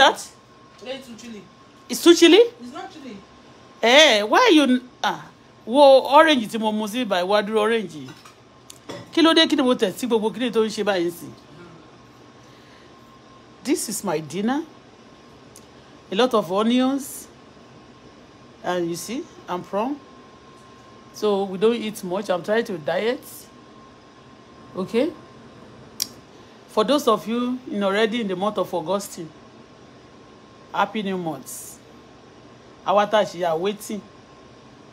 that? It's chili. It's too chili? It's not chili. Eh, why you ah wo orange tí mo mu by báyìí wá dúró orange yìí. Kí ló dé kí ni mo tẹ̀ sí gbogbo This is my dinner. A lot of onions. And you see, I'm from. So we don't eat much. I'm trying to diet. Okay? For those of you in already in the month of Augustine, happy new month our task is waiting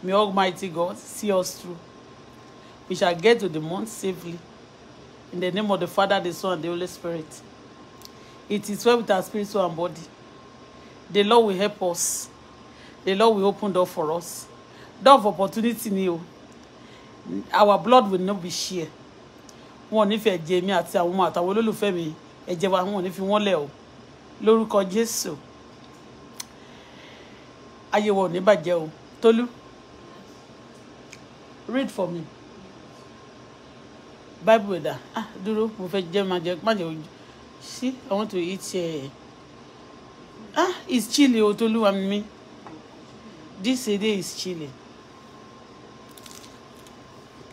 may almighty god see us through we shall get to the month safely in the name of the father the son and the holy spirit it is well with our spirit soul and body the lord will help us the lord will open door for us door of opportunity ni our blood will not be shared One if ní jamie ẹ̀jẹ̀ mi àti àwọn ọmọ àtàwọn olólùfẹ́ mi if you want ò ní fi wọ́n lẹ̀ ayé wa ò ní bàjẹ́ o Tolu. read for me bible ẹ̀dá ah duro. mo fẹ́ jẹ́ máa jẹ má jẹ ojú sí i want to eat uh, ah it's chilly o Tolu wa mi this day is chilly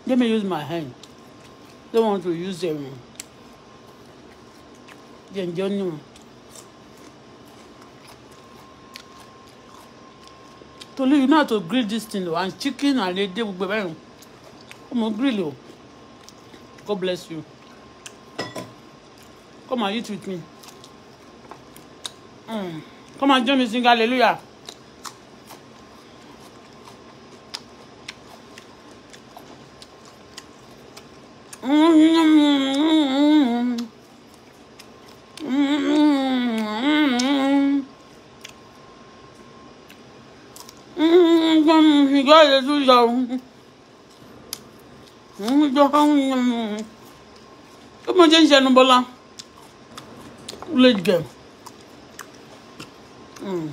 let me use my hand don't want to use them jẹ̀ǹjọ́ nù. No. Tolu, you know how to grill this thing though. and chicken and edé gbogbo bẹ́ẹ̀ yẹn grill o oh. God bless you come and eat with me mm. come and join me sing hallelujah. lè tún yọ òun jọ ó mọ jẹ́ ń ṣẹnu bọ́lá ó lè jẹ. Mm.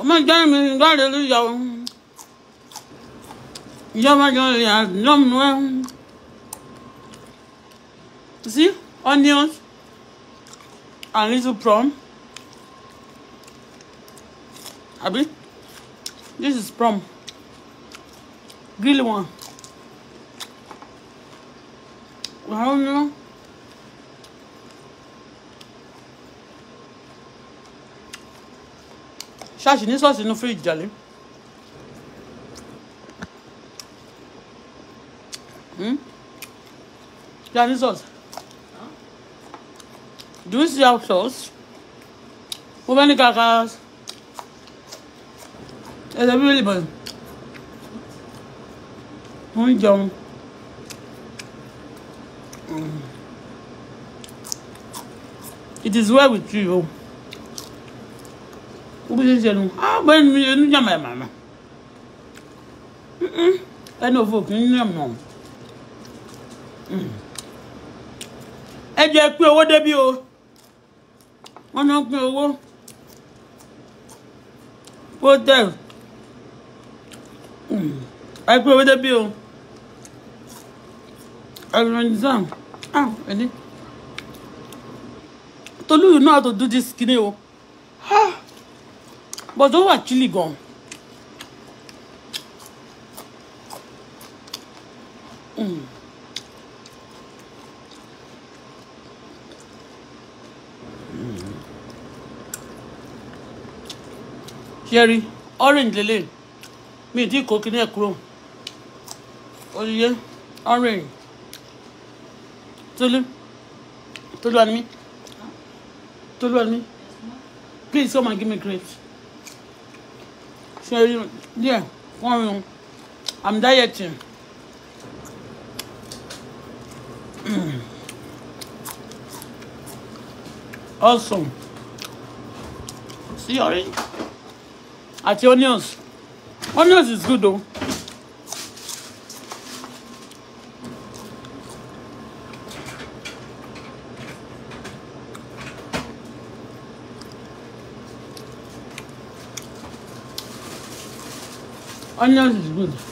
ọmọ ìjọ mi lọ́rẹ̀ ló yọ ìjọba jọ rẹ̀ àdúgbò ẹ̀ sí onions and little plum. Abi, this is from grill one wàá ná. ṣáàṣì ní ṣọ́ọ̀ṣì inú fíríjì jàlé. Yeah, this sauce. Huh? Do you see our sauce? How many cacas? ẹsẹ̀ bíbélì bọ̀ wọ́n ń jẹun. It is well with you o. Ó bí Ah, ń ṣe nu, á bọ́ ẹnu mi ẹnu yàmà yàmà yàmà. Ẹnu òfò kì í yàmà. Mm. Ẹ jẹ́ pé owó débí o. Wọ́n náà pín ẹ pé owó débí o organizam ah ẹni Tolu you know how to do this kini oh. ah but ó wà chilly gone? Mm. ṣe orange lélẹ̀ Me ì tí kò kíní ẹ̀ kúrò oyè orange tolu tolu animi tolu animi please come and give me grapes ṣe yeah, díẹ̀ wọ́n i'm dieting. awesome see orange àti onions onions is good though. 안녕하세요.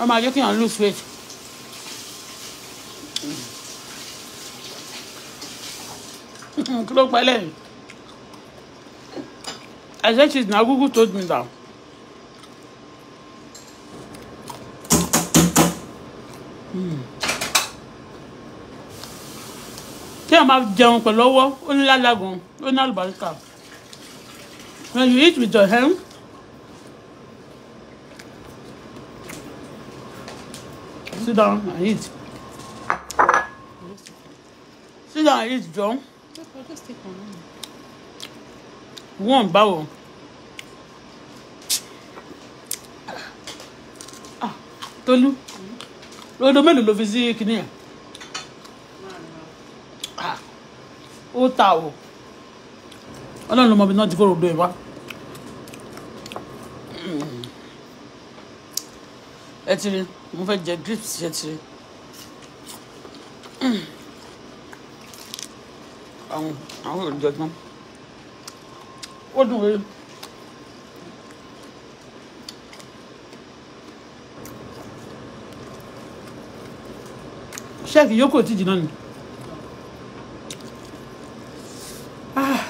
wọ́n máa jẹ́ kí lose weight. kí ló pẹ́ I said she's now Google told me that. tí a jam for pẹ̀lú ọwọ́ ó ní lálágùn ó ní àlùbáríkà when you eat with your hand. sit down and eat. Sit down and eat, John. I'll just take one. One báwo. Ah, Tolu. Rodo mélòó ló fi sí kinní yẹn? Ah, ó ta o. Ọlọ́run ló mọ ibi do, ti fòròdó ẹ̀ e wá. ẹ ti rí mo fẹ́ jẹ grips ẹ ti rí mm. àwọn àwọn òòjọ́ tán ó dùn rí. ṣẹ́ẹ̀kì yókò tí jìnnà ni. Ah.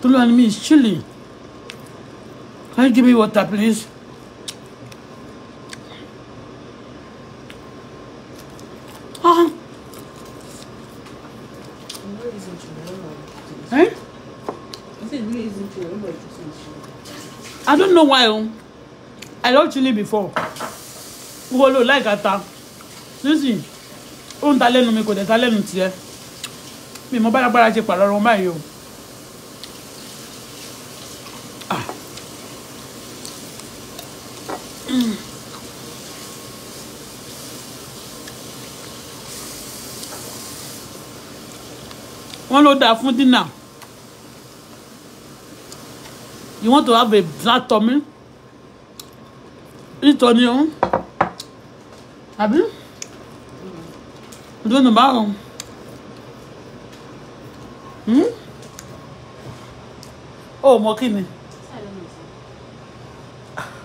Tolúwa ni mi is chilling. Can you give me water please? know why o oh. i love chili before wo lo like ata nísìnyí ó ń ta lẹ́nu mi kò dẹ̀ ta lẹ́nu tiẹ̀ mi mo bálágbára ṣe pàrọ̀ ọ̀rọ̀ báyìí o. Ah. wọ́n ló dáa fún dínà. You want to have a flat tummy? Eat onion. Have you? Doing the bottom. Hmm? Oh, mo kí ni.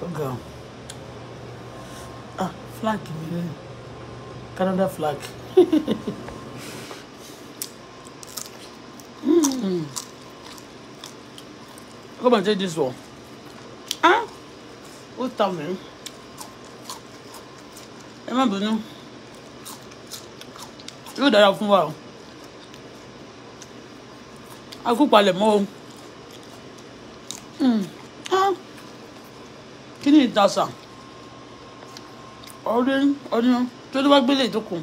Ọ̀gá. Oh, ah, flag mi. Canada flag. Come and take this one. Huh? Ó ta mí. Ẹ má bínú. Yóò dára fún wa o. A kú palẹ̀ mọ́ o. Hmm. Kí ni ìdásà? Ọdún ọdún tó ló wá gbélé ìdókòó.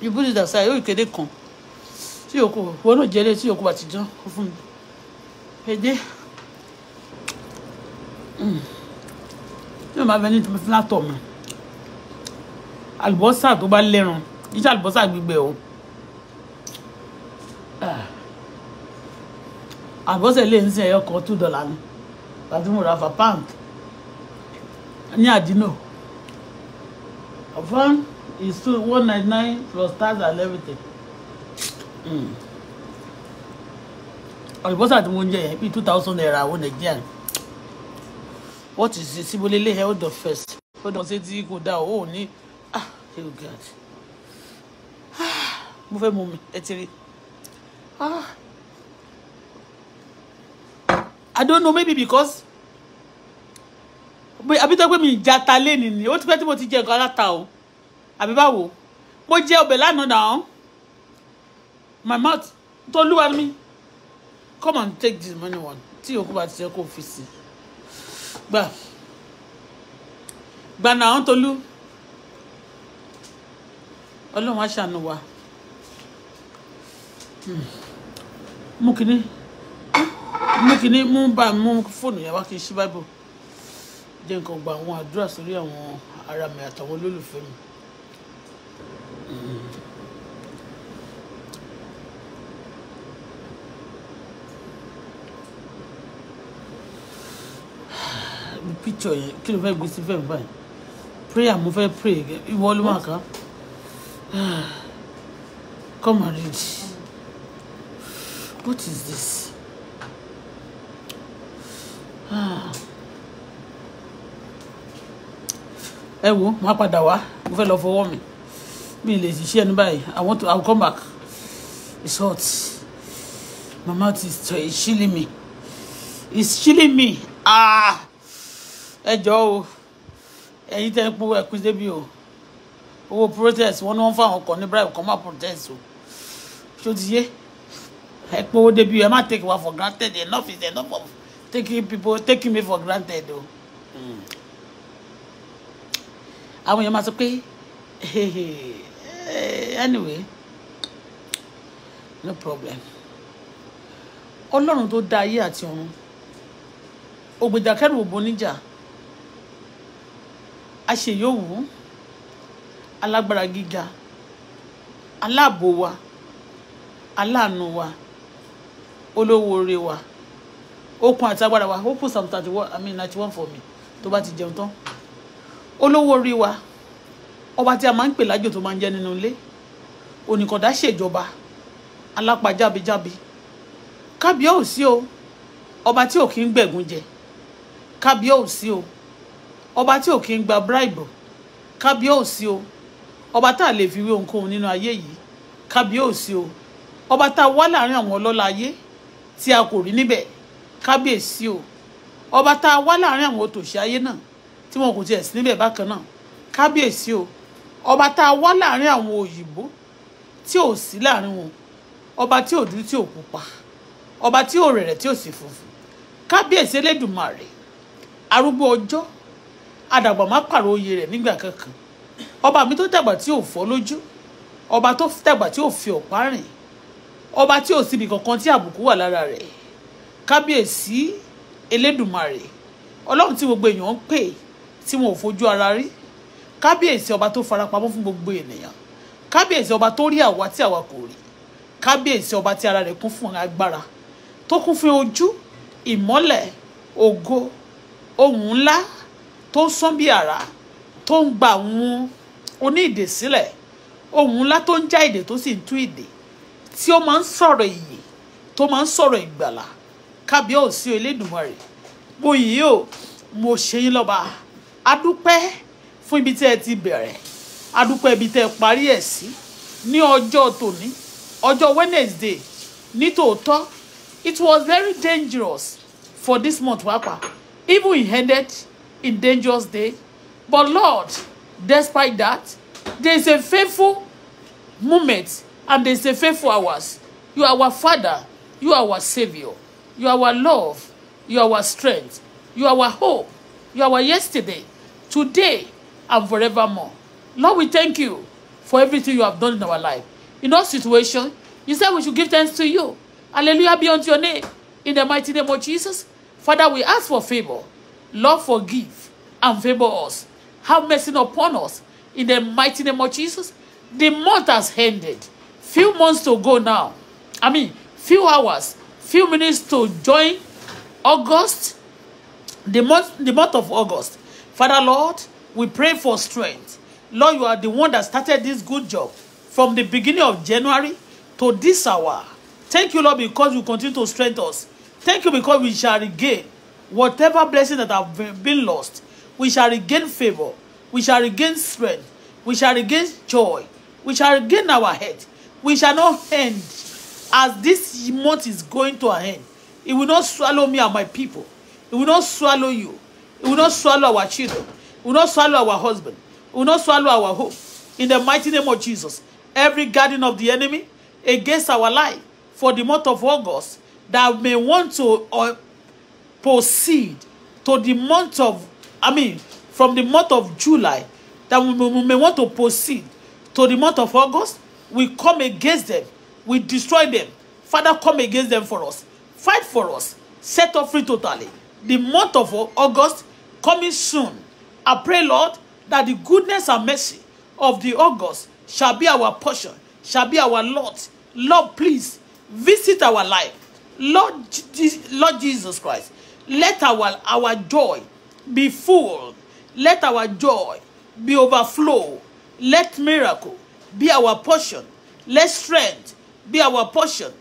You to You put it aside, can eat it tí yòókù wọn náà jẹ́lé tí yòókù bá ti dán kó fún mi èdè yóò máa fẹ́ ní fúlátọ̀ mi àlùbọ́sà tó bá lẹ́ran yíṣà àlùbọ́sà gbígbẹ o ah. àlùbọ́sà lè ń sin ẹ̀yọ́ kan two dollar ni láti mú ra pound ní àdínà ọ̀fọ́n is two one ninety nine plus tax and everything. Hmm. àlùbọ́sà tí mo ń jẹ yẹn bíi two thousand naira owó nàìjíríà ni what is it síbo lélẹ̀ ẹ̀ first hold on ṣé tí kò dá o ò ní ah ṣé o gàd mo fẹ́ mu mi ẹ ti rí ah i don't know maybe because àbí tó pé mi ìjata lé nìyí ó ti pẹ́ tí mo ti jẹ nǹkan aláta o àbí báwo mo jẹ ọbẹ̀ lánàá náà my mouth tolúwa me, come and take this money one tí òkú bá ti ṣe kó fi sí gbà gbànà àwọn tolú ọlọ́run aṣàánú wa hmm. mú kínní mú kínní mú bá mú fóònù yẹn wá kí n ṣí báìbò jẹ́ nǹkan gba àwọn àdúrà sórí àwọn ará mi àtàwọn olólùfẹ́ mi. picture yẹn kí ló fẹ́ gbé sí fẹ́ẹ̀ báyìí prayer mo fẹ́ pray ìwọ ló máa kà come and read what is this. ẹ wo máa padà wá mo fẹ́ lọ fọwọ́ mi mi lè ṣiṣẹ́ ní báyìí i want to i will come back it's hot my mouth is chilling me it's chilling me ah ẹ jọ o ẹ̀yin tẹ́ ń pọ̀ ẹ̀kún débi o owó protest wọn ni wọ́n fáwọn kan ní bribe kan má protest o ṣó ti yé ẹ pé owó débi o ẹ má take wa for granted enough is enough of taking people taking me for granted o. àwọn èèyàn máa sọ pé anyway no problem ọlọ́run tó dá ayé àti ọ̀run ògbèjà kẹrù ògbóníjà. aṣèyówù alágbára gíga aláàbò wa aláàánú wa olówó oore wa okun àti wa ó kù psalm 31 i mean ninety for me tó bá ti jẹun tán olówó orí wa ọba tí a máa ń pè lájò tó máa ń jẹ nínú ilé oníkọ̀dá ṣèjọba alápàjábíjábí kábíyá ò sí o ọba tí ò kí ń gbẹ̀gùn jẹ kábíyá ò o. ọba tí ò kí ń gba bribe kábíyèsí o ọba tá a lè fi wé ohunkóhun nínú ayé yìí kábíyèsí o ọba tá a wá láàrin àwọn ọlọ́lá ayé tí a kò rí níbẹ̀ kábíyèsí o ọba tá a wá láàrin àwọn òtòṣì ayé náà tí wọn kò tiẹ̀ sí níbẹ̀ bákan náà kábíyèsí o ọba tá a wá láàrin àwọn òyìnbó tí ò sí láàrin wọn ọba tí ò dúdú tí ò pupa ọba tí ò rẹ̀rẹ̀ tí ò sì funfun kábíyèsí elédùnmarè arúgbó ọjọ́ àdàgbà má pààrọ̀ oyè rẹ̀ nígbà kankan ọba mi tó dàgbà tí ò fọ́ lójú ọba tó dàgbà tí ò fi ọ̀pá rìn ọba tí ò síbi kankan tí àbùkù wà lára rẹ̀ kábíyèsí elédùmarè ọlọ́run tí gbogbo èèyàn ń pè tí wọn ò fojú ara rí kábíyèsí ọba tó farapamọ́ fún gbogbo ènìyàn kábíyèsí ọba tó rí àwa tí àwa kò rí kábíyèsí ọba tí ara rẹ̀ kún fún agbára tó kún fún ojú ìmọ́lẹ̀ ògo ohùn ńlá tó sán bí àrá tó ń gba òun oní ìdè sílẹ̀ ohun ńlá tó ń já ìdè tó sì ń tú ìdè tí ó máa ń sọ̀rọ̀ ìyè tó máa ń sọ̀rọ̀ ìgbàlà kábíyèsí Elédùmarè mo yìí o mo ṣe yín lọ́ba adúpẹ́ fún ibi tí ẹ ti bẹ̀rẹ̀ adúpẹ́ ibi tẹ́ ẹ parí ẹ̀ sí ní ọjọ́ tòní ọjọ́ Wednesday nítòótọ́ it was very dangerous for this month wapa even it ended in dangerous day. But Lord, despite that, there is a faithful moment and there is a faithful hours. You are our Father. You are our Savior. You are our love. You are our strength. You are our hope. You are our yesterday, today, and forevermore. Lord, we thank you for everything you have done in our life. In all situations, you said we should give thanks to you. Hallelujah be unto your name. In the mighty name of Jesus, Father, we ask for favor Lord, forgive and favor us. Have mercy upon us. In the mighty name of Jesus, the month has ended. Few months to go now. I mean, few hours, few minutes to join August, the month, the month of August. Father Lord, we pray for strength. Lord, you are the one that started this good job from the beginning of January to this hour. Thank you, Lord, because you continue to strengthen us. Thank you because we shall regain Whatever blessing that have been lost, we shall regain favor, we shall regain strength, we shall regain joy, we shall regain our head. We shall not end as this month is going to an end. It will not swallow me and my people. It will not swallow you. It will not swallow our children. It will not swallow our husband. It will not swallow our hope. In the mighty name of Jesus, every guardian of the enemy against our life for the month of August that may want to uh, proceed to the month of, I mean, from the month of July, that we may, we may want to proceed to the month of August, we come against them. We destroy them. Father, come against them for us. Fight for us. Set us free totally. The month of August coming soon. I pray, Lord, that the goodness and mercy of the August shall be our portion, shall be our lot. Lord, please visit our life. Lord, Lord Jesus Christ, Let our, our joy be full. Let our joy be overflow. Let miracle be our portion. Let strength be our portion.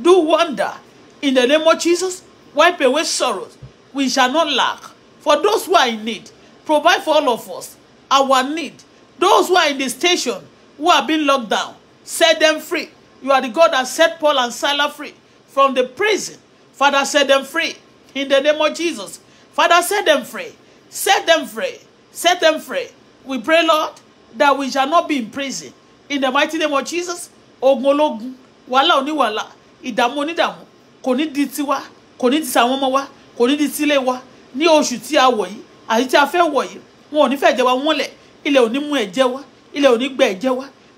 Do wonder in the name of Jesus. Wipe away sorrows. We shall not lack. For those who are in need, provide for all of us our need. Those who are in the station, who are being locked down, set them free. You are the God that set Paul and Silas free from the prison. Father, set them free in the name of Jesus. Father, set them free. Set them free. Set them free. We pray, Lord, that we shall not be in prison. In the mighty name of Jesus, ogun ológun, wàhálà oníwàhálà, ìdààmú onídààmú, kò ní di tiwa, kò wa, kò ní di tílé wa. Ní oṣù a wọ̀ a fẹ́ wọ̀ yìí, wọn ò ní fẹ́ jẹ wa wọ́n lẹ̀, ilẹ̀ ò ní mú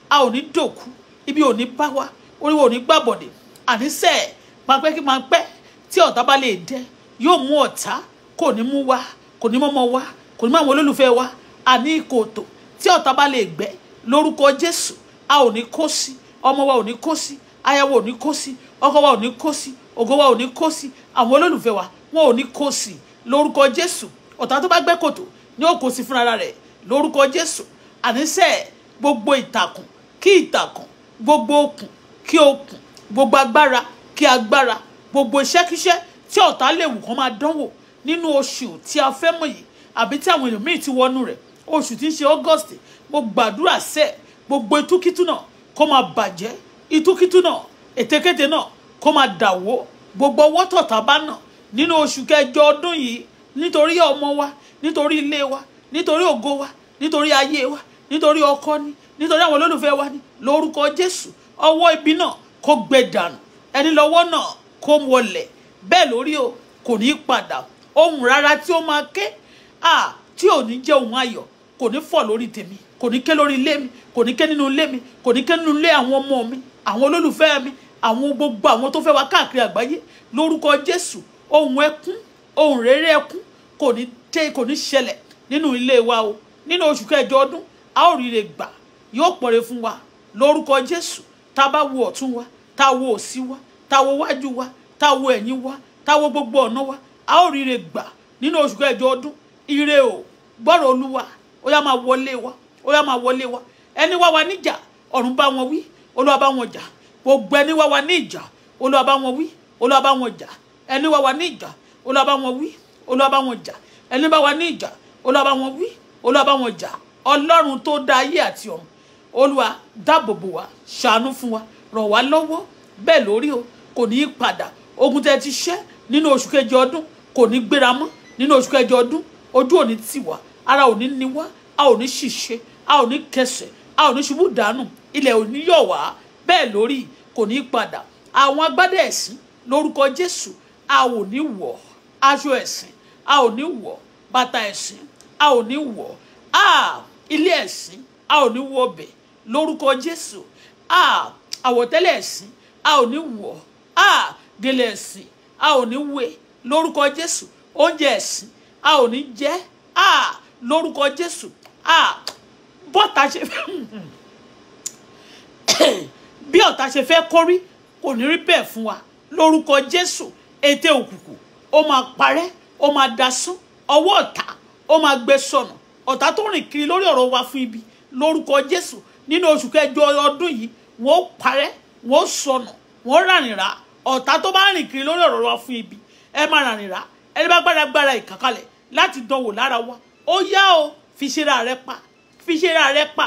a ò ní ibi ò ní bá wa, oríwo ò ní gbàbọ̀dẹ̀, àníṣe máa pẹ́ kí máa pẹ́ yóò mú ọ̀tá kò ní mú wá kò ní mọ́mọ́ wá kò ní mú àwọn olólùfẹ́ wá àní kòtò tí ọ̀tá bá lè gbẹ́ lórúkọ Jésù a ò ní kó sí ọmọ wa ò ní kó sí aya wa ò ní kó sí ọkọ wa ò ní kó sí ògo wa ò ní kó sí àwọn olólùfẹ́ wa wọn ò ní kó sí lórúkọ Jésù ọ̀tá tó bá gbẹ́ kòtò ni ó kó sí fúnra rẹ̀ lórúkọ Jésù àníṣe gbogbo ìtàkùn kí ìtàkùn gbogbo okùn kí okùn gbogbo agbára kí agbára gbogbo iṣẹ́kíṣẹ́ tí ọ̀tá lè wù kán máa dánwò nínú oṣù tí a fẹ́ mọ̀ yìí àbí tí àwọn ẹlòmíì ti wọnú rẹ̀ oṣù tí ń ṣe August mo gbàdúrà sẹ́ gbogbo ìtúkítù náà kó máa bàjẹ́ ìtúkítù náà ètekéte náà kó máa dàwó gbogbo ọwọ́ tọ̀tá bá náà nínú oṣù kẹjọ ọdún yìí nítorí ọmọ wa nítorí ilé wa nítorí ògo wa nítorí ayé wa nítorí ọkọ ni nítorí àwọn olólùfẹ́ wa ni lórúkọ Jésù ọwọ́ ibi náà kó gbẹ dànù ẹni lọ́wọ́ náà kó wọlẹ̀ bẹ́ẹ̀ lórí o kò ní padà ohun rárá tí ó máa ké ah tí ò ní jẹ́ ohun ayọ̀ kò ní fọ̀ lórí tèmi kò ní ké lórí ilé mi kò ní ké nínú ilé mi kò ní ké nínú ilé àwọn ọmọ mi àwọn olólùfẹ́ mi àwọn gbogbo àwọn tó fẹ́ wá káàkiri àgbáyé lórúkọ Jésù ohun ẹkún ohun rere ẹkún kò ní dé kò ní ṣẹlẹ̀ nínú ilé wa o nínú oṣù kẹjọ ọdún a ó rí rè gbà yóò pọ̀re fún wa lórúkọ Jésù tá a bá wo ọ̀tún wa tá a wo òsì wa tá a wo wájú wa tá wo ẹ̀yìn wa tá wo gbogbo ọ̀nà wa a ó ríire gbà nínú oṣù kẹjọ ọdún ire o gbọ́rọ̀ olúwa ó yá máa wọlé wa ó yá máa wọlé wa ẹni wá wa níjà ọ̀run bá wọn wí olúwa bá wọn jà gbogbo ẹni wá wa ní ìjà olúwa bá wọn wí olúwa bá wọn jà ẹni wá wa ní ìjà olúwa bá wọn wí olúwa bá wọn jà ẹni bá wa ní ìjà olúwa bá wọn wí olúwa bá wọn jà ọlọ́run tó dá ayé àti ọ̀run olúwa dáàbòbò wa ṣàánú fún wa ràn wá lọ́wọ́ bẹ́ẹ̀ lórí o kò ní í padà ogun tẹ́ ti ṣẹ́ nínú oṣù kejì ọdún kò ní gbéra mọ́ nínú oṣù kejì ọdún ojú ò ní tì wá ara ò ní ni wá a ò ní ṣìṣe a ò ní kẹsẹ̀ a ò ní ṣubú dànù ilẹ̀ ò yọ̀ wá bẹ́ẹ̀ lórí kò ní padà àwọn agbádẹ́ ẹ̀sìn lórúkọ Jésù a ò ní wọ̀ aṣọ ẹ̀sìn a ò ní wọ̀ bàtà ẹ̀sìn a ò ní wọ̀ a ilé ẹ̀sìn a ò ní wọ̀ bẹ̀ lórúkọ Jésù a àwọ̀tẹ́lẹ̀ ẹ̀sìn a ò ní wọ̀ a gèlè ẹ̀sìn a ò ní wé lórúkọ jésù oúnjẹ ẹ̀sìn a ò ní jẹ a lórúkọ jésù a bọ́ta ṣe fẹ́ bí ọ̀tá ṣe fẹ́ kórí kò ní rí bẹ́ẹ̀ fún wa lórúkọ jésù ète òkùnkùn ó máa parẹ́ ó máa dasún ọwọ́ ọ̀tá ó máa gbé sọnù ọ̀tá tó rìn kiri lórí ọ̀rọ̀ wa fún ibi lórúkọ jésù nínú oṣù kẹjọ ọdún yìí wọ́n parẹ́ wọ́n sọnù wọ́n rànìràn ọ̀tá tó bá rìn kiri lórí ọ̀rọ̀ wa fún ibi ẹ má ràn rìnrà ẹni bá gbára gbára ìkàkalẹ̀ láti dánwò lára wa ó yá o fi ṣera rẹ pa fi ṣera rẹ pa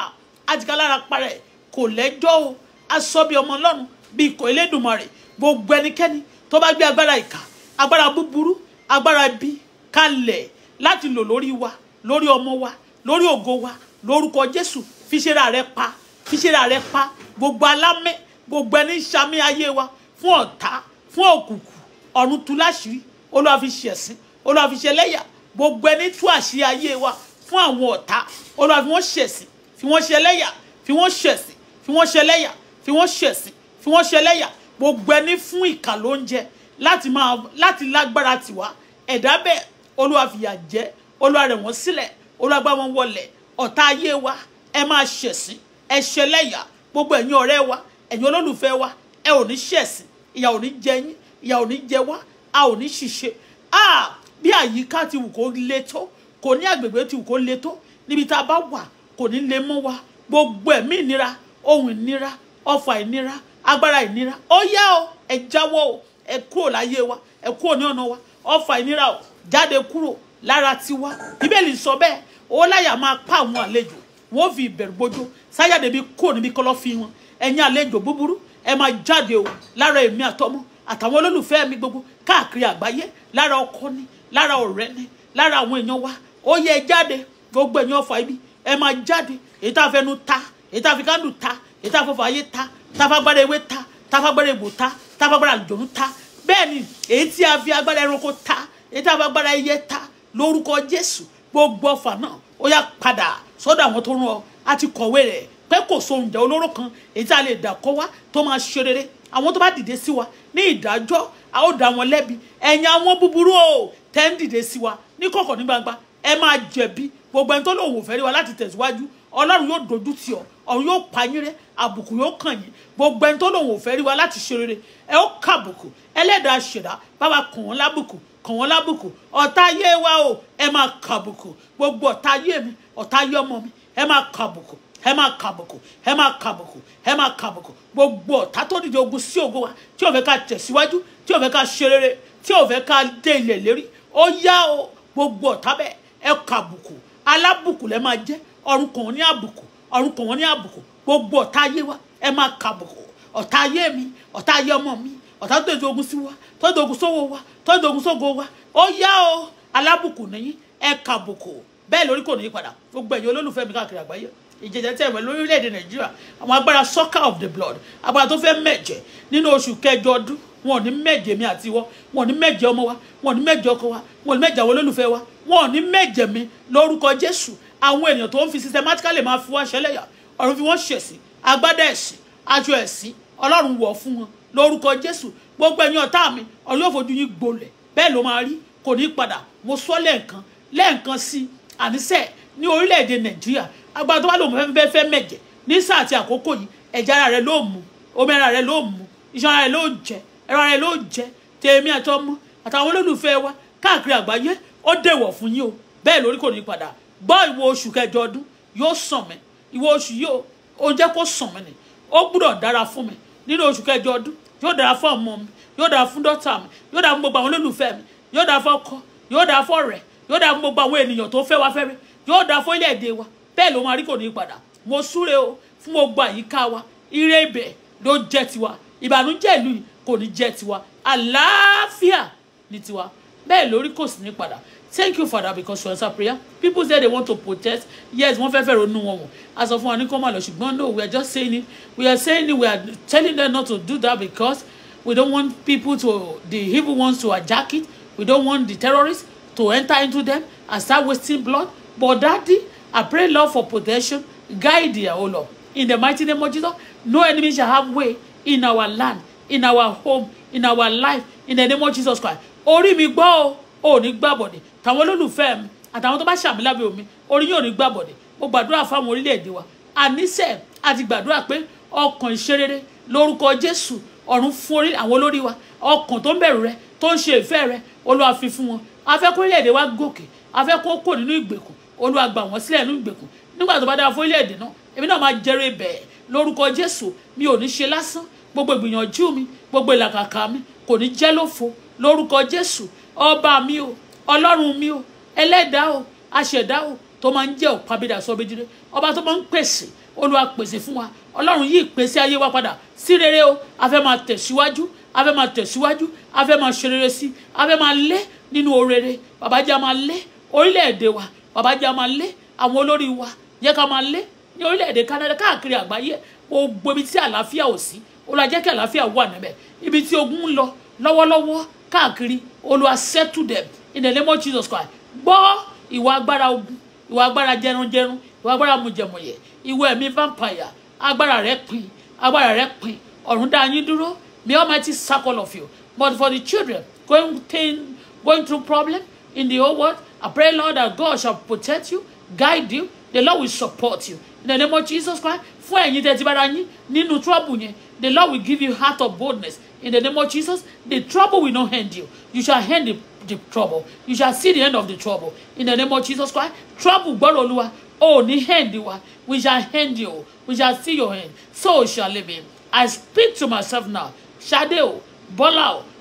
àtìká lára parẹ kò lẹ́jọ́ o aṣọ bíi ọmọ ọlọ́run bíi ikọ̀ elédùnmarè gbogbo ẹnikẹ́ni tó bá gbé agbára ìkà agbára búburú agbára ibi kalẹ̀ láti lò lórí wa lórí ọmọ wa lórí ògo wa lórúkọ jésù fi ṣera rẹ pa fi ṣera rẹ pa gbogbo alámẹ gbogbo ẹni ṣàmì ayé wa fún ọ̀tá fún òkùnkùn ọ̀run tú láṣìírí olúwa fi ṣe ẹ̀sín olúwa fi ṣe ẹlẹ́yà gbogbo ẹni tú àṣírí ayé wa fún àwọn ọ̀tá olúwa fi wọ́n ṣe ẹ̀sín fi wọ́n ṣe ẹlẹ́yà fi wọ́n ṣe ẹ̀sín fi wọ́n ṣe ẹlẹ́yà fi wọ́n ṣe ẹ̀sín fi wọ́n ṣe ẹlẹ́yà gbogbo ẹni fún ìkà lóúnjẹ láti máa láti lágbára tiwa ẹ̀dá bẹ́ẹ̀ olúwa fìyà jẹ olúwa rẹ̀ wọ́n sílẹ̀ olúwa gbá wọn wọlẹ̀ ọ̀tá ayé wa ẹ máa ṣẹ̀sín ẹ ṣẹlẹ́yà gbogbo ẹ̀yin ọ̀rẹ́ wa ẹ̀yin olólùfẹ́ wa ẹ ò ní ṣẹ̀sín ìyà ò ní jẹ yín ìyà ò ní jẹ wá a ò ní ṣìṣe a bí àyíká ti wù kó le tó kò ní agbègbè ti wù kó le tó níbi tá a bá wà kò ní lè mọ́ wa gbogbo ẹ̀mí ìnira ohun ìnira ọfà ìnira agbára ìnira ó yá o ẹ jáwọ́ o ẹ kúrò láyé wa ẹ kúrò ní ọ̀nà wa ọfà ìnira o jáde kúrò lára tiwa bíbélì sọ bẹ́ẹ̀ ó láyà máa pa àwọn àlejò wọn ò fi ìbẹ̀rù bójú sáyà débi kúrò níbi kọ́lọ́fín wọn ẹ̀yin àlejò búburú ẹ máa jáde o lára èmi àtọmọ àtàwọn olólùfẹ́ mi gbogbo káàkiri àgbáyé lára ọkọ ni lára ọ̀rẹ́ ni lára àwọn èèyàn wa ó yẹ jáde gbogbo èèyàn ọfà ibi ẹ máa jáde èyí tá a fẹnu ta èyí tá a fi kándù ta èyí tá a fọfọ ayé ta tá a fagbára ewé ta tá a fagbára egbò ta tá a fagbára àjòrú ta bẹ́ẹ̀ ni èyí tí a fi agbára ẹranko ta èyí tá a fagbára ẹyẹ ta lórúkọ Jésù gbogbo ọfà náà ó yá padà sọ́dọ̀ àwọn tó rún ọ àti kọ̀wé rẹ̀ pé kò so oúnjẹ olóró kan èyí tí a lè dà kọ́ wá tó máa ṣe rere àwọn tó bá dìde sí wa ní ìdájọ́ a ó dá wọn lẹ́bi ẹ̀yin àwọn búburú o tẹ́ ń dìde sí wa ní kọ̀kọ̀ ní gbangba ẹ máa jẹ̀bi gbogbo ẹni tó lòun ò fẹ́ rí wa láti tẹ̀síwájú ọlọ́run yóò dojú tì ọ́ ọ̀run yóò pa yín rẹ́ àbùkù yóò kàn yín gbogbo ẹni tó lòun ò fẹ́ rí wa láti ṣe rere ẹ ó kàbùkù ẹlẹ́dàá ṣẹ̀dá báwa kàn wọ́n lábùkù kàn wọ́n lábùkù ọ̀tá ayé wa o ẹ máa kàbùkù gbogbo ọ̀tá ayé mi ọ̀tá ayé ọmọ mi ẹ máa kàbùkù ẹ máa kàbùkù ẹ máa kàbùkù ẹ máa kàbùkù gbogbo ọ̀tá tó dìde ogun sí ògo wa tí ò fẹ́ ká tẹ̀síwájú tí ò fẹ́ ká ṣe tí ò fẹ́ ká dé ilẹ̀ lérí ó yá o gbogbo ọ̀tá bẹ́ẹ̀ ẹ kàbùkù alábùkù lẹ máa jẹ́ ọ̀run kàn wọ́n ní àbùkù ọ̀run kàn ní àbùkù gbogbo ọ̀tá ayé wa ẹ máa kàbùkù ọ̀tá ayé mi ọ̀tá ayé ọmọ mi ọ̀tá tó dìde ogun sí wa tó dìde ogun sówó wa tó dìde ogun sógo wa ó yá o alábùkù nìyí ẹ kàbùkù bẹ́ẹ̀ lórí kò ní padà gbogbo ẹ̀yin olólùfẹ́ mi káàkiri àgbáyé ìjẹjẹ tẹ ìwẹ lórílẹ̀-èdè nàìjíríà àwọn agbára soccer of the blood agbára tó fẹ́ mẹ̀jẹ nínú oṣù kẹjọ ọdún wọn ò ní mẹ̀jẹ mi àti ìwọ wọn ò ní mẹ̀jẹ ọmọ wa wọn ò ní mẹ̀jẹ ọkọ wa wọn ò ní mẹ̀jẹ àwọn olólùfẹ́ wa wọn ò ní mẹ̀jẹ mi lórúkọ jésù àwọn ènìyàn tó ń fi systematically máa fi wá ṣẹlẹ̀yà ọ̀run fi wọ́n ṣèṣì agbádá ẹ̀sìn aṣọ ẹ̀sìn ọlọ́run wọ̀ fún wọn lórúkọ jésù gbogbo ẹ̀yin ọ̀tá mi ọ̀run yóò fojú yín gbolẹ̀ bẹ́ẹ̀ ló máa rí kò ní padà mo sọ lẹ́ẹ̀kan lẹ́ẹ̀kan sí i àníṣe ní orílẹ̀-èdè nàìjíríà agbára tó bá lòun fẹ́ fẹ́ mẹ̀jẹ̀ ní sáà àti àkókò yìí ẹ̀jẹ̀ ara rẹ̀ ló mú omi ara rẹ̀ ló mú iṣan ara rẹ̀ ló jẹ ẹran ara rẹ̀ ló jẹ tèmi àtọmọ àtàwọn olólùfẹ́ wa káàkiri àgbáyé ó dèwọ̀ fún yín o bẹ́ẹ̀ lórí kò ní padà gbọ́ ìwọ oṣù kẹjọ ọdún yóò sàn mí ìwọ oṣù yóò ó jẹ́ kó sàn mí ni ó gbúdọ̀ dára fún mi nínú oṣù kẹjọ ọdún yóò dára fún ọmọ mi yóò dára fún dọ́tà mi yóò dára fún gbogbo àwọn olólùfẹ́ mi yóò dára fún ọkọ yóò dára fún ọ̀rẹ́ yóò dáa fún gbogbo àwọn ènìyàn tó fẹ́ wa fẹ́ mi yóò dáa fún ilẹ̀ èdè wa bẹ́ẹ̀ ló máa rí kò ní padà mo súre o fún gbogbo àyíká wa ire ibẹ̀ ló jẹ́ tiwa ìbànújẹ́ ìlú yìí kò ní jẹ́ tiwa àlàáfíà ní tiwa bẹ́ẹ̀ lórí kò sí ní padà thank you father because you answer prayer people say they want to protest yes wọ́n fẹ́ fẹ́ ronú wọn wò a fún wa ní kó má lọ ṣùgbọ́n no we are just saying it we are saying it we are telling them not to do that because we don't want people to the evil ones to hijack it we don't want the terrorists to enter into them and start wasting blood. But daddy, I pray, Lord, for protection. Guide here, oh Lord. In the mighty name of Jesus, no enemy shall have way in our land, in our home, in our life, in the name of Jesus Christ. Ori mi gbọ́ o, ni ní gbàbọ̀dẹ̀. Tàwọn olólùfẹ́ mi àtàwọn tó bá ṣàmì lábẹ́ omi, orí yóò ní gbàbọ̀dẹ̀. Mo gbàdúrà fáwọn orílẹ̀-èdè wa. Àníṣe àti gbàdúrà pé ọkàn ìṣerere lórúkọ Jésù ọ̀run fún orí àwọn olórí wa. Ọkàn tó ń bẹ̀rù rẹ, tó ń ṣe ìfẹ́ fi fún wọn a fẹ́ kó orílẹ̀-èdè wa gòkè a fẹ́ kó kò nínú ìgbèkùn olúwa gbà wọ́n sílẹ̀ nínú ìgbèkùn nígbà tó bá dára fún orílẹ̀-èdè náà èmi náà máa jẹrè bẹ́ẹ̀ lórúkọ jésù mi ò ní ṣe lásán gbogbo ìgbìyànjú mi gbogbo ìlàkàkà mi kò ní jẹ́ lófo lórúkọ jésù ọba mi o ọlọ́run mi o ẹlẹ́dàá o aṣẹ̀dá o tó máa ń jẹ́ òpábídà sọ́bẹ́dúró ọba tó máa ń pèsè olúwa pèsè fún wa ọlọ́run yìí pèsè ayé wa padà sí rere o a fẹ́ máa tẹ̀síwájú a fẹ́ máa tẹ̀síwájú a fẹ́ máa ṣe rere sí a fẹ́ máa lé nínú orere bàbá jẹ́ máa lé orílẹ̀-èdè wa bàbá jẹ́ máa lé àwọn olórí wa jẹ́ ká máa lé ní orílẹ̀-èdè Canada káàkiri àgbáyé gbogbo ibi tí àlàáfíà ò sí Olúwa jẹ́ kí àlàáfíà wà níbẹ̀ ibi tí ogun ń lọ lọ́wọ́lọ́wọ́ káàkiri Olúwa settle them in the name of Jesus Christ gbọ́ ìwà agbára ogun ìwà agbára jẹrunjẹrun ìwà agbára mujẹmọyẹ ìwà ẹ̀mí vampire agbára rẹ̀ pin agbára rẹ̀ pin ọ̀run dá yín dúró may Almighty circle of you but for the children going ten going through problem in the old world, I pray, Lord, that God shall protect you, guide you. The Lord will support you. In the name of Jesus Christ, fún ẹ̀yin tẹ́ ti bára yín nínú trouble yẹn, the Lord will give you heart of boldness. In the name of Jesus, the trouble will not end you. You shall end the, the trouble. You shall see the end of the trouble. In the name of Jesus Christ, trouble gbọ́dọ̀ Oh, ò hand you wa. We shall hand you. We shall see your hand. So shall it be. I speak to myself now. Ṣadé o,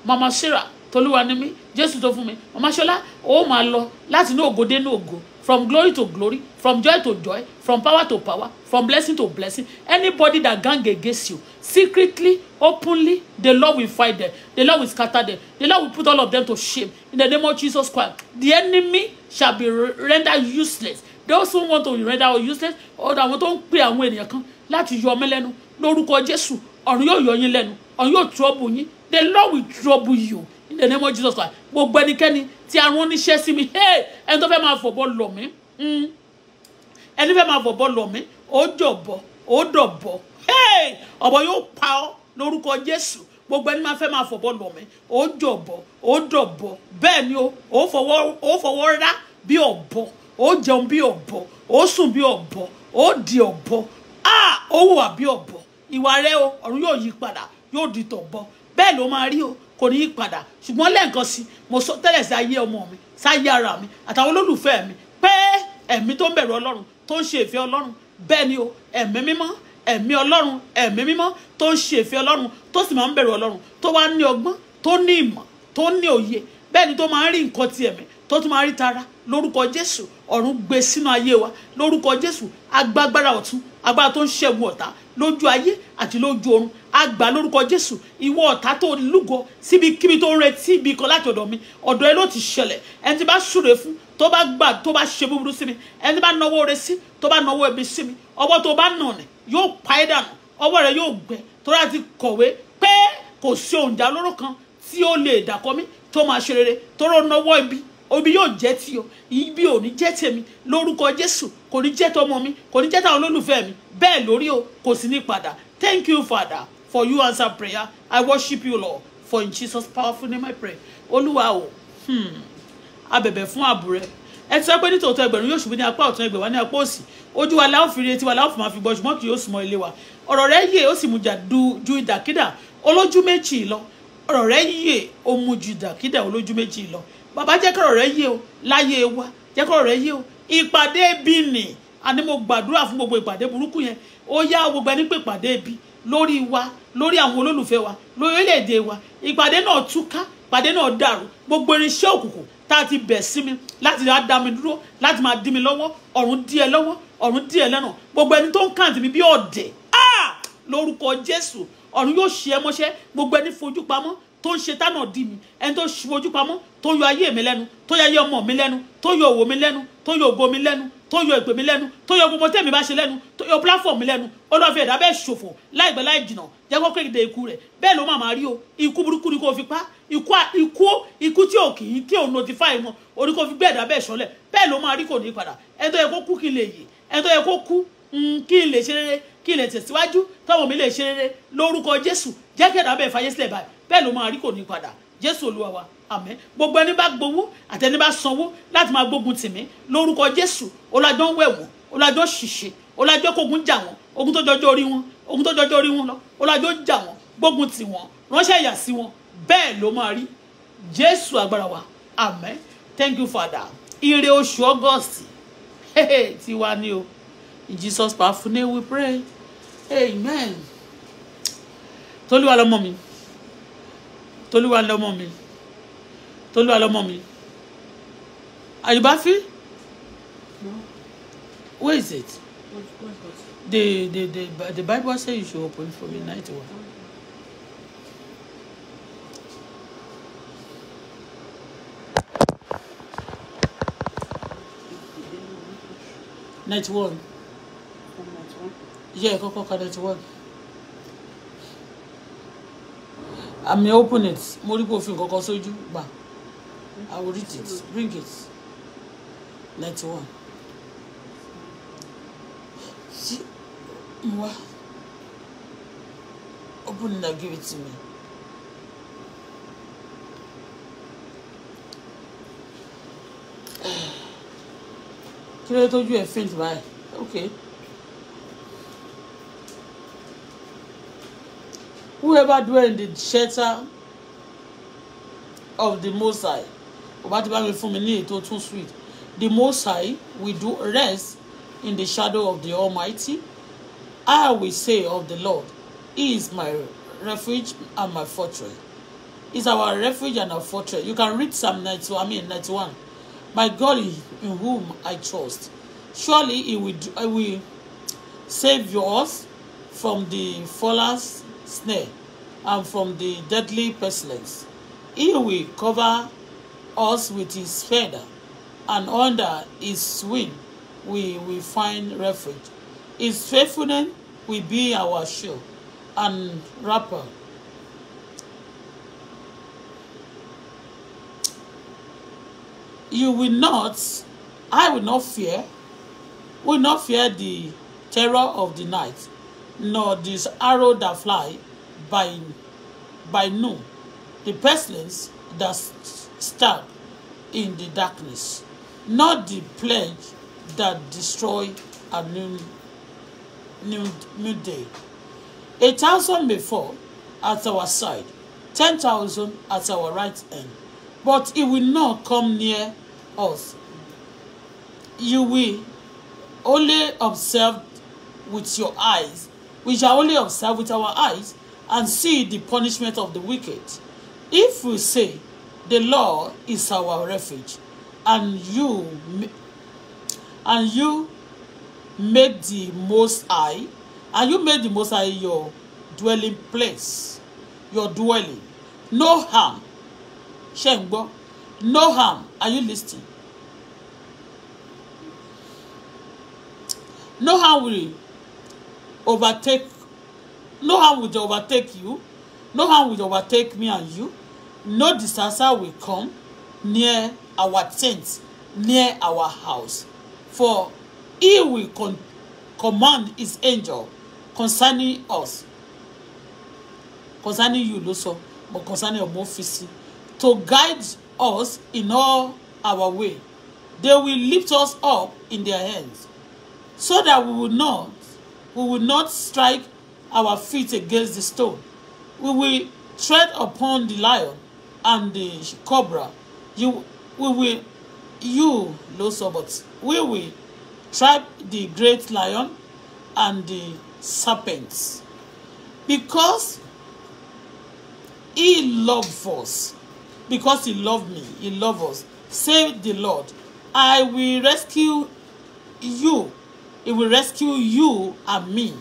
Mama Sarah, tolúwa ni mí jésù tó fún mi ọmọṣọlá ó máa lọ láti inú ògo dé inú ògo from glory to glory from joy to joy from power to power from blessing to blessing anybody that gang against you secretly openly the lord will fight them the lord will scatter them the lord will put all of them to shame in the name of jesus christ the enemy shall be rendered useless those who want to be rendered useless ọ̀dọ̀ àwọn tó ń pè àwọn ènìyàn kan láti yọ ọmọ lẹ́nu lórúkọ jésù ọ̀run yóò yọ yín lẹ́nu ọ̀run yóò trouble yín the lord will trouble you in the name of Jesus Christ gbogbo ẹnikẹ́ni tí arún níṣẹ́ sí mi ẹni tó fẹ́ máa fọ̀bọ lọ̀ mí hmm, ẹni fẹ́ máa fọ̀bọ lọ̀ mí ó jọ̀bọ̀ ó dọ̀bọ̀ ọ̀bọ yóò pa ọ́ lórúkọ Jésù gbogbo ẹni máa fẹ́ máa fọ̀bọ lọ̀ mí ó jọ̀bọ̀ ó dọ̀bọ̀ bẹ́ẹ̀ ni ó fọwọ́ rá bí ọ̀bọ ó jẹun bí ọ̀bọ ó sùn bí ọ̀bọ ó di ọ̀bọ ah, ó hùwà bí ọ̀bọ ìwà rẹ o ọ̀run yóò yí padà yóò di tọ̀bọ bẹ́ẹ̀ ló máa rí o kò ní í padà ṣùgbọ́n lẹ́ẹ̀kan sí mo sọ tẹ́lẹ̀ sí ayé ọmọ mi sáyé ara mi àtàwọn olólùfẹ́ mi pé ẹ̀mí tó ń bẹ̀rù ọlọ́run tó ń ṣe ìfẹ́ ọlọ́run bẹ́ẹ̀ ni o ẹ̀mí mímọ́ ẹ̀mí ọlọ́run ẹ̀mí mímọ́ tó ń ṣe ìfẹ́ ọlọ́run tó sì máa ń bẹ̀rù ọlọ́run tó wá ní ọgbọ́n tó ní ìmọ̀ tó ní òye bẹ́ẹ̀ ni tó máa ń rí nǹkan ti ẹ̀mí tó tún máa ń rí tara lórúkọ jésù ọ̀run gbé sínú ayé wa lórúkọ jésù agbágbára ọ̀tún agbára tó ń ṣẹ́gun ọ̀tá lójú ayé àti lójú ọ̀run àgbà lórúkọ jésù ìwọ ọ̀tá tó lúgọ síbi kíbi tó retí ibi kan láti ọ̀dọ̀ mi ọ̀dọ̀ ẹ ló ti ṣẹlẹ̀ ẹni tí bá ṣúre fún tó bá gbà tó bá ṣe búburú sí mi ẹni tí bá náwó re sí tó bá náwó ẹbí sí mi ọwọ́ tó bá nà ní yóò pa ẹ́ dànù ọwọ́ rẹ yóò gbẹ tó láti kọ̀wé pé kò sí òǹdà lóró kan tí ó lè dàkọ́ mi tó máa ṣe rere tó rọ náwó ibi omi yóò jẹ́ ti o ibi ò ní jẹ́ tèmi lórúkọ Jésù kò ní jẹ́ tọmọ mi kò ní jẹ́ tàwọn olólùfẹ́ mi bẹ́ẹ̀ lórí o kò sì ní padà thank you father for you answer prayer i worship you lord for in jesus powerful name i pray olúwa o hmm, abẹ̀bẹ̀ fún ààbò rẹ ẹ ti sọ pé nítòótọ́ ẹgbẹ̀rún yóò ṣubú ní apá ọ̀tún ẹgbẹ̀wá ní apá òsì ojú wa láwọn fi retí wa láwọn fi máa fi gbọ́ ṣùgbọ́n kì yóò sùnmọ́ ilé wa ọ̀rọ̀ rẹ yè ó sì mú jà ju ìdàkídà olójú méjì lọ ọ̀rọ̀ rẹ yè ó mú ju ìdàkídà olójú méjì lọ bàbá jẹ́ kọ́rọ̀ rẹ yé o láyé wa jẹ́ kọ́rọ̀ rẹ yé o ìpàdé ibi nì àní mo gbàdúrà fún gbogbo ìpàdé burúkú yẹn ó yá gbogbo ẹni pé ìpàdé ibi lórí wa lórí àwọn olólùfẹ́ wa lórí orílẹ̀-èdè wa ìpàdé náà túká ìpàdé náà dàrú gbogbo irinṣẹ́ òkùnkùn tá a ti bẹ̀ sí mi láti máa dá mi dúró láti máa dí mi lọ́wọ́ ọ̀run dí lọ́wọ́ ọ̀run dí lẹ́nà gbogbo ẹni tó ń kàǹtì mi bí ọ̀dẹ̀ ah! lórúkọ Jésù ọ̀run yóò ṣe é mọ́ṣẹ́ gbogbo ẹni fojú pamọ́ tó ń ṣe tánà dì mí ẹni tó ṣojú pamọ́ tó yọ ayé mi lẹ́nu tó yọ ayé ọmọ mi lẹ́nu tó yọ òwò mi lẹ́nu tó yọ ògo mi lẹ́nu tó yọ ìpè mi lẹ́nu tó yọ gbogbo tẹ́mi bá ṣe lẹ́nu tó yọ platform mi lẹ́nu olóòfin ẹ̀dá bẹ́ẹ̀ ṣòfò láìpẹ́ láì jìnà jẹ́kọ́ kéde ikú rẹ̀ bẹ́ẹ̀ ló máa rí o ikú burúkú ni kò fi pa ikú ikú ikú tí ò kì í tí ò notify wọn orí kò fi gbé bẹ́ẹ̀ ṣọlẹ̀ bẹ́ẹ̀ ló máa rí kò ní padà ẹni tó yẹ kó kú kí n lè yè ẹni tó yẹ kó kú kí n lè ṣe rere kí n lè tẹ̀síwájú táwọn mi lè ṣe rere lórúkọ jésù jẹ́ kẹ́dà bẹ́ẹ̀ fayé sílẹ̀ báyìí bẹ́ẹ̀ ló máa rí kò ní padà jésù olúwa wa àmín gbogbo ẹni bá gbowó àtẹni bá sanwó láti máa gbógun tìmí lórúkọ jésù olájọ́ ń wẹ̀wò olájọ́ ṣìṣe olájọ́ kógun jà wọ́n ogun tó jọjọ́ orí wọn ogun tó jọjọ́ orí wọn lọ olájọ́ jà wọ́n gbógun tì wọ́n ránṣẹ́ ìyà sí wọn bẹ́ẹ̀ ló máa rí jésù agbára wa àmín thank you father ire oṣù august tiwa ni o. In Jesus' powerful name we pray. Amen. Tolúwa lọmọ mi. Tolúwa lọmọ mi. Tolúwa lọmọ mi. Are you baffy? No. Where is it? What, what, what? The, the, the, the Bible says you should open for me, night one. Night one Yeah, go, go, go, that's one. I'm mean, open it. Mo rí pé òfin kankan sójú gbà. I will read it. Bring it. Ninety one. See, mo Open it and give it to me. Can I dé you a faint báyìí? Okay. whoever dwell in the shelter of the Most High ọba ti bá mi fún mi ní ètò tún sweet the Most High we do rest in the shadow of the Almighty I will say of the Lord He is my refuge and my fortress He is our refuge and our fortress you can read Psalm ninety I mean ninety-one my God in whom I trust surely He will, do, he will save us from the fallers snare and from the deadly pestilence. He will cover us with his feather, and under his wing we will find refuge. His faithfulness will be our shield and wrapper. You will not, I will not fear, will not fear the terror of the night, nor this arrow that fly by, by noon, the pestilence that stab in the darkness, nor the plague that destroy at noon, noon, day, A thousand may fall at our side, ten thousand at our right hand, but it will not come near us. You will only observe with your eyes We shall only observe with our eyes and see the punishment of the wicked. If we say, The Lord is our refuge, and you, and you made the Most High, and you made the Most High your dwelling place, your dwelling, no harm. Ṣé No harm. Are you listening? No harm will overtake no harm will overtake you no harm will overtake me and you no disaster will come near our tent near our house for he will con command his angel concerning us concerning you ló but concerning ọmọ ọ́fíìsì to guide us in all our way they will lift us up in their hands so that we will know We will not strike our feet against the stone. We will tread upon the lion and the cobra. You, we will, you, low sabbath, we will trap the great lion and the serpents. Because he loved us, because he loved me, he loved us, Save the Lord. I will rescue you It will rescue you and me.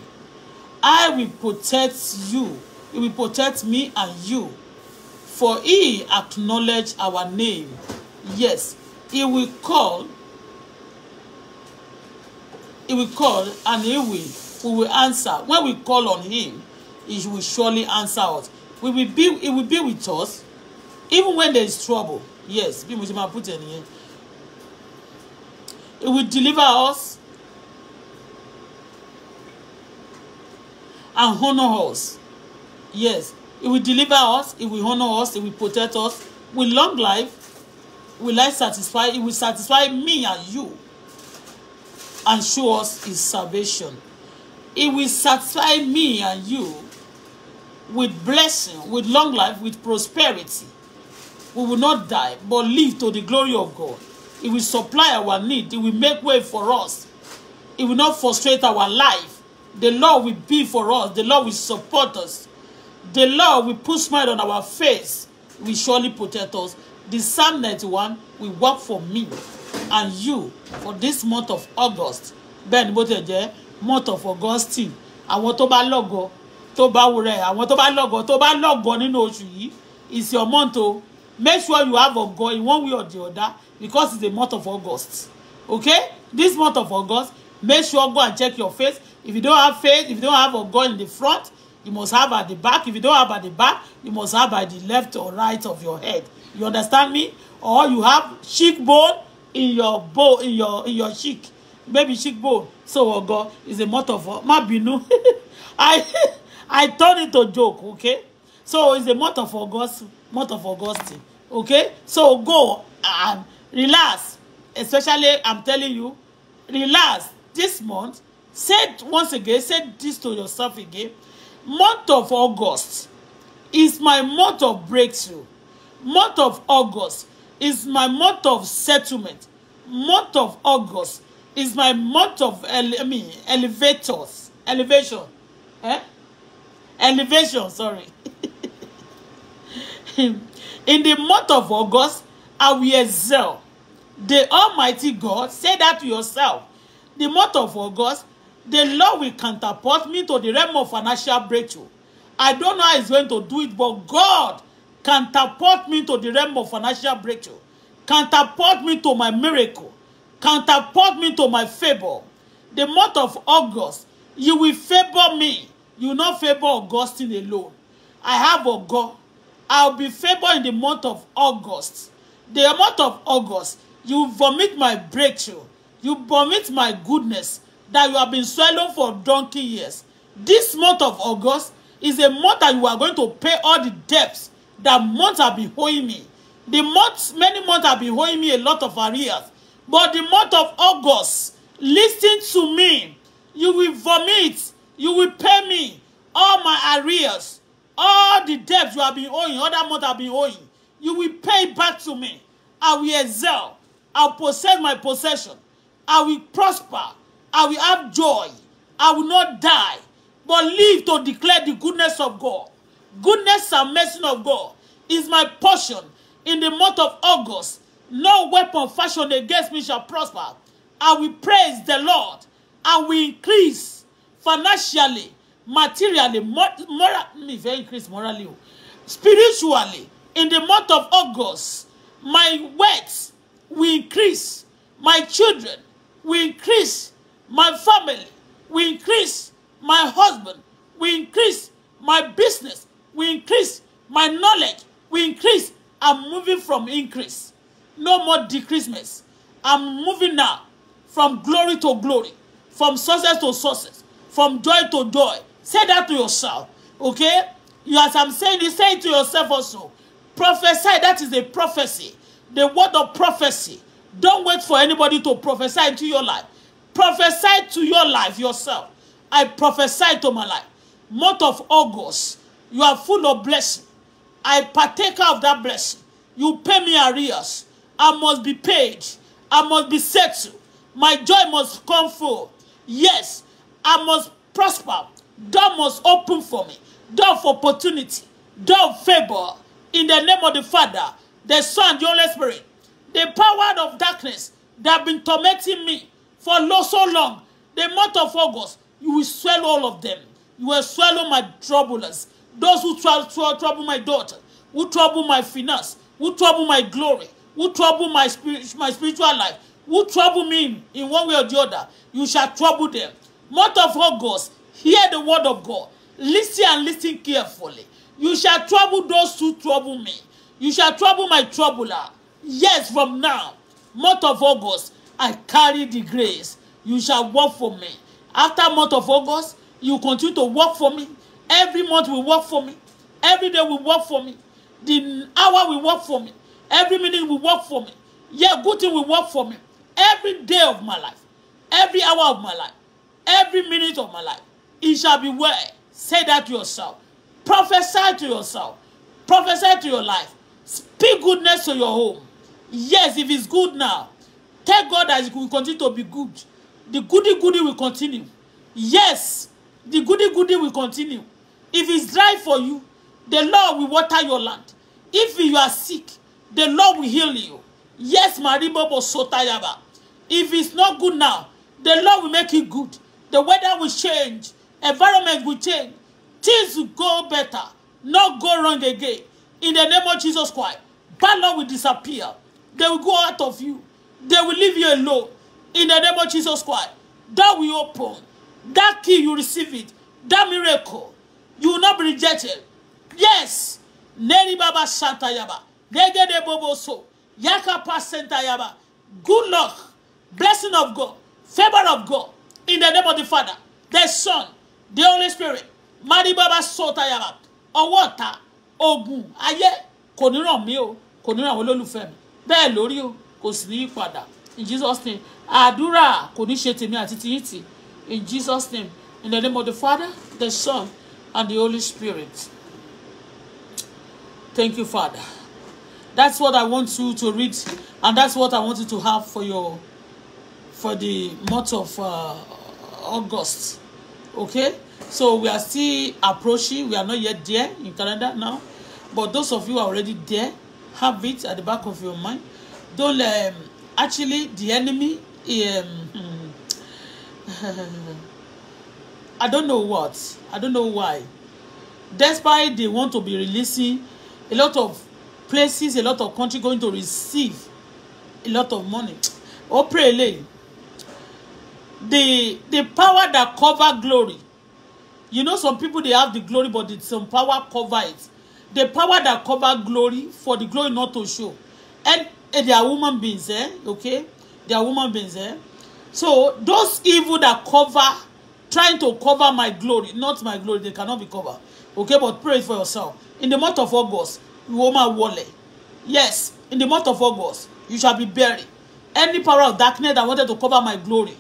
I will protect you. He will protect me and you. For he acknowledged our name. Yes, he will call. He will call and he will. We will answer. When we call on him, he will surely answer us. We will be, he will be with us even when there is trouble. Yes, bí put He will deliver us and honor us. Yes, it will deliver us, it will honor us, it will protect us. With long life, will life satisfy, it will satisfy me and you and show us his salvation. It will satisfy me and you with blessing, with long life, with prosperity. We will not die, but live to the glory of God. It will supply our need. It will make way for us. It will not frustrate our life. The Lord will be for us. The Lord will support us. The Lord will put smile on our face. Will surely protect us. The Psalm 91 will work for me and you for this month of August. Bẹ́ẹ̀ ni bó ti jẹ́ month of August Àwọn tó bá lọ́gọ tó bá wúrẹ́ àwọn tó bá lọ́gọ tó bá lọ́gọ nínú oṣù yìí is your month o. Make sure you have Ogo in one way or the other because it's the month of August. Okay? This month of August, make sure go and check your face If you don't have faith, if you don't have a God in the front, you must have at the back. If you don't have at the back, you must have at the left or right of your head. You understand me? Or you have cheekbone in your bow, in your in your cheek. Maybe cheekbone. So oh God is a metaphor. Má bínú. I I turned it to joke, okay? So it's a month of August, month of August, okay? So go and relax. Especially, I'm telling you, relax this month Say once again, say this to yourself again. Month of August is my month of breakthrough. Month of August is my month of settlement. Month of August is my month of ele I mean, elevators, elevation, eh? Elevation, sorry. In the month of August, I will excel. The Almighty God, say that to yourself. The month of August, The Lord will counterpart me to the realm of financial breakthrough. I don't know how He's going to do it, but God counterpart me to the realm of financial breakthrough. Counterpart me to my miracle. Counterpart me to my favor. The month of August, you will favor me. You will not favor Augustine alone. I have a God. I'll be favored in the month of August. The month of August, you vomit my breakthrough. You vomit my goodness that you have been swallowing for donkey years. This month of August is a month that you are going to pay all the debts that months have been owing me. The months, many months have been owing me a lot of arrears. But the month of August, listen to me. You will vomit. You will pay me all my arrears. All the debts you have been owing, other months have been owing. You will pay back to me. I will excel. I'll possess my possession. I will prosper. I will have joy. I will not die, but live to declare the goodness of God. Goodness and mercy of God is my portion in the month of August. No weapon fashioned against me shall prosper. I will praise the Lord. I will increase financially, materially, morally, very increase morally, spiritually. In the month of August, my wealth will increase. My children will increase my family we increase, my husband we increase, my business we increase, my knowledge we increase. I'm moving from increase. No more decreases. I'm moving now from glory to glory, from success to success, from joy to joy. Say that to yourself, okay? You, as I'm saying you say it to yourself also. Prophesy, that is a prophecy. The word of prophecy. Don't wait for anybody to prophesy into your life prophesy to your life yourself. I prophesy to my life. Month of August, you are full of blessing. I partake of that blessing. You pay me arrears. I must be paid. I must be settled. My joy must come full. Yes, I must prosper. Door must open for me. Door of opportunity. Door of favor. In the name of the Father, the Son, the Holy Spirit. The power of darkness that have been tormenting me for lo, so long. The month of August, you will swallow all of them. You will swallow my troublers, those who tr tr trouble my daughter, who trouble my finance, who trouble my glory, who trouble my, spirit, my spiritual life, who trouble me in one way or the other. You shall trouble them. Month of August, hear the word of God. Listen and listen carefully. You shall trouble those who trouble me. You shall trouble my troubler. Yes, from now, month of August, I carry the grace. You shall work for me. After month of August, you continue to work for me. Every month will work for me. Every day will work for me. The hour will work for me. Every minute will work for me. Yeah, good thing will work for me. Every day of my life. Every hour of my life. Every minute of my life. It shall be well. Say that to yourself. Prophesy to yourself. Prophesy to your life. Speak goodness to your home. Yes, if it's good now, Thank God that it will continue to be good. The goody goody will continue. Yes, the goody goody will continue. If it's dry for you, the Lord will water your land. If you are sick, the Lord will heal you. Yes, Maribobo Sotayaba. If it's not good now, the Lord will make it good. The weather will change. Environment will change. Things will go better. Not go wrong again. In the name of Jesus Christ, bad luck will disappear. They will go out of you. They will leave you alone. In the name of Jesus Christ, that will open. That key, you receive it. That miracle, you will not be rejected. Yes. Neri Baba Santa Yaba. Negede Bobo So. Yakapa Yaba. Good luck. Blessing of God. Favor of God. In the name of the Father, the Son, the Holy Spirit. Mari Baba Sota Ọwọ́ ta, ogun, ayé, kò ní ràn mí o, kò ní ràn wọ́n lólùfẹ́ mi. o kò sì ní ìpadà in Jesus name àdúrà kò ní ṣe tèmi àti tìyín tì in Jesus name in the name of the Father the Son and the Holy Spirit thank you Father that's what I want you to read and that's what I want you to have for your for the month of uh, August okay so we are still approaching we are not yet there in Canada now but those of you are already there have it at the back of your mind don't um, actually the enemy um, I don't know what I don't know why despite they want to be releasing a lot of places a lot of country going to receive a lot of money oh pray lay the the power that cover glory you know some people they have the glory but it's some power cover it the power that cover glory for the glory not to show and And eh, they are woman beings, eh? Okay? They are woman beings, eh? So those evil that cover, trying to cover my glory, not my glory, they cannot be covered. Okay, but pray for yourself. In the month of August, woman Wale. Yes, in the month of August, you shall be buried. Any power of darkness that wanted to cover my glory,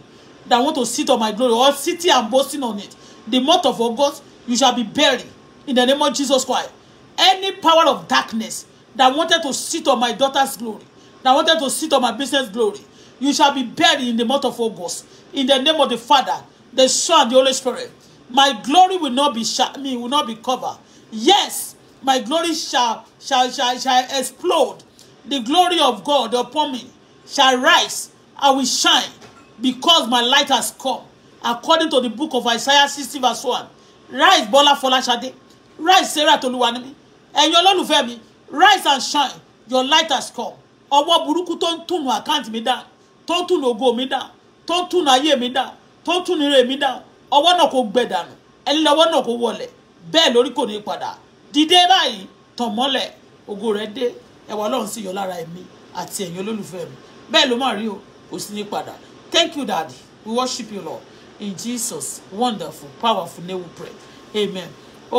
that want to sit on my glory, or sitting and boasting on it, the month of August, you shall be buried in the name of Jesus Christ. Any power of darkness that wanted to sit on my daughter's glory, that wanted to sit on my business glory. You shall be buried in the mouth of August. In the name of the Father, the Son, the Holy Spirit. My glory will not be shall me will not be covered. Yes, my glory shall shall shall shall explode. The glory of God upon me shall rise. I will shine because my light has come. According to the book of Isaiah 60 verse 1. Rise, Bola Folashade. Rise, Sarah Toluwanimi. And your Lord, rise and shine. Your light has come ọwọ́ burúkú tó ń túnú àkáǹtì mi dà tó ń túnú ògo mi dà tó ń túnú ayé mi dà tó ń túnú ire mi dà ọwọ́ náà kò gbẹ dànù ẹni lọ́wọ́ náà kò wọlẹ̀ bẹ́ẹ̀ lórí kò ní padà dìde báyìí tàn mọ́lẹ̀ ògo rẹ̀ dé ẹwà ọlọ́run sì yọ lára ẹ̀mí àti ẹ̀yin olólùfẹ́ mi bẹ́ẹ̀ ló má rí o kò sí ní padà thank you daddy we worship you lord in jesus wonderful powerful name we pray amen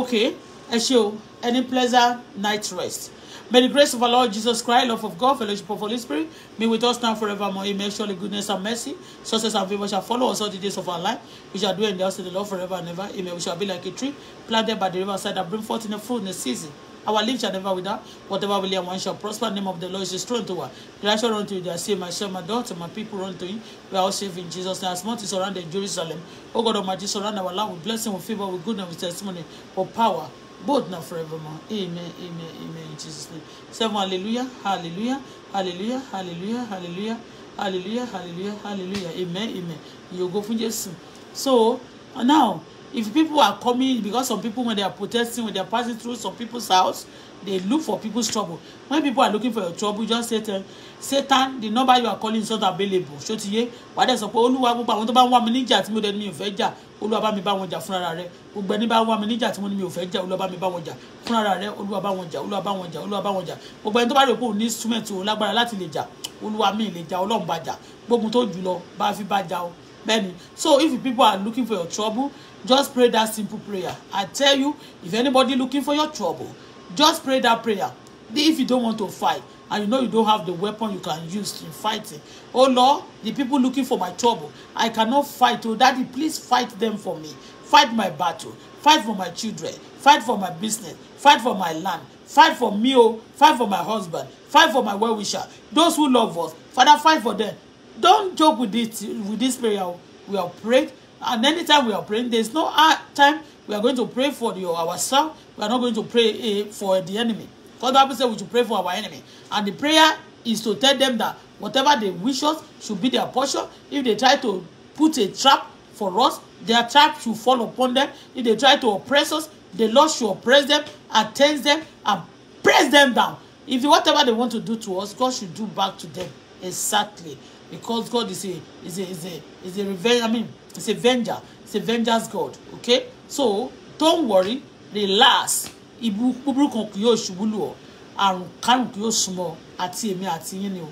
okay ẹ ṣé o any pleasure? night rest. May the grace of our Lord Jesus Christ, love of God, fellowship of Holy Spirit be with us now forevermore. Amen. Surely goodness and mercy, success and favor shall follow us all the days of our life. We shall dwell in the house of the Lord forever and ever. Amen. We shall be like a tree planted by the riverside that bring forth in the fruit in the season. Our leaves shall never wither. Whatever we lay one shall prosper. The name of the Lord is strong to us. The righteous run to you. They are saved. My son, my daughter, my people run to him. We are all saved in Jesus' name. As much as surrounded Jerusalem. O God Almighty, surround our land with blessing, with favor, with goodness, with testimony, with power both now forevermore. Amen, amen, amen. In Jesus' name. Seven hallelujah, hallelujah, hallelujah, hallelujah, hallelujah, hallelujah, hallelujah, hallelujah. Amen, amen. You go for Jesus. So now, if people are coming, because some people when they are protesting, when they are passing through some people's house, they look for people's trouble when people are looking for your trouble just say tell satan the number you are calling is not available ṣótiyé wà sọ pé olúwa gbogbo àwọn tó bá ń wá mi níjà tí mo dẹ̀ mi ò fẹ́ jà olúwa bá mi bá wọn jà fúnra rẹ gbogbo ẹni bá wá mi níjà tí mo ní mi ò fẹ́ jà olúwa bá mi bá wọn jà fúnra rẹ olúwa bá wọn jà olúwa bá wọn jà olúwa bá wọn jà gbogbo ẹni tó bá rè pé ní instrument òun lágbára láti lè jà olúwa mi lè jà ọlọ́run bá jà gbógun tó jù lọ bá fi bá jà o bẹ́ẹ̀ so if people are looking for your trouble just pray that simple prayer i tell you if anybody looking for your trouble just pray that prayer if you don't want to fight and you know you don't have the weapon you can use in fighting oh lord the people looking for my trouble i cannot fight oh daddy please fight them for me fight my battle fight for my children fight for my business fight for my land fight for me oh fight for my husband fight for my well-wisher those who love us father fight for them don't joke with this with this prayer oh. we are praying and anytime we are praying there's no hard ah, time We are going to pray for the, ourselves. We are not going to pray uh, for the enemy. Because the Bible says we should pray for our enemy. And the prayer is to tell them that whatever they wish us should be their portion. If they try to put a trap for us, their trap should fall upon them. If they try to oppress us, the Lord should oppress them, attend them, and press them down. If whatever they want to do to us, God should do back to them. Exactly. Because God is a is a is a is a revenge, I mean, it's a venger, it's a vengeance God. Okay? so don't worry relax ibu búburú kan kì yóò ṣubú lù ọ́ àrùn kárùn kì yóò súnmọ́ àti èmi àti yín ni o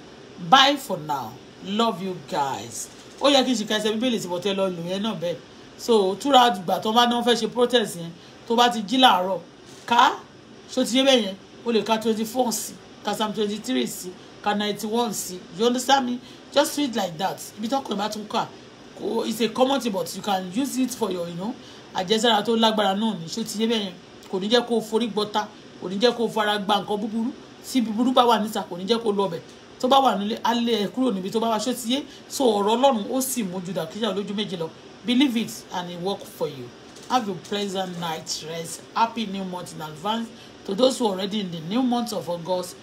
bye for now love you guys ó yẹ kí n ṣe kẹsẹ bíbélì tí mo tẹ lọ lò yẹn náà bẹ́ẹ̀ so túra ìgbà tó bá náà fẹ́ ṣe protest yẹn tó bá ti jí làárọ̀ ká ṣó ti yé bẹ́ẹ̀ yẹn o lè ka twenty four sí ka sam twenty three sí ka ninety one sí you understand me just read like that ibi tó kọ̀ ẹ̀ bá tún kà it's a common thing but you can use it for your you know, àjẹsára tó lágbára náà ní ṣó ti yé bẹ́ẹ̀ yẹn kò ní jẹ́ kó o forí gbọ́ta kò ní jẹ́ kó o fara gba nǹkan búburú tí búburú bá wà níta kò ní jẹ́ kó o lọ bẹ̀ tó bá wà nílé alẹ́ ẹ̀ kúrò níbi tó bá wà ṣó ti so ọ̀rọ̀ ọlọ́run ó sì mú ju dàkíjà lójú méjì lọ believe it and it work for you have a pleasant night rest happy new month in advance to those who are already in the new month of August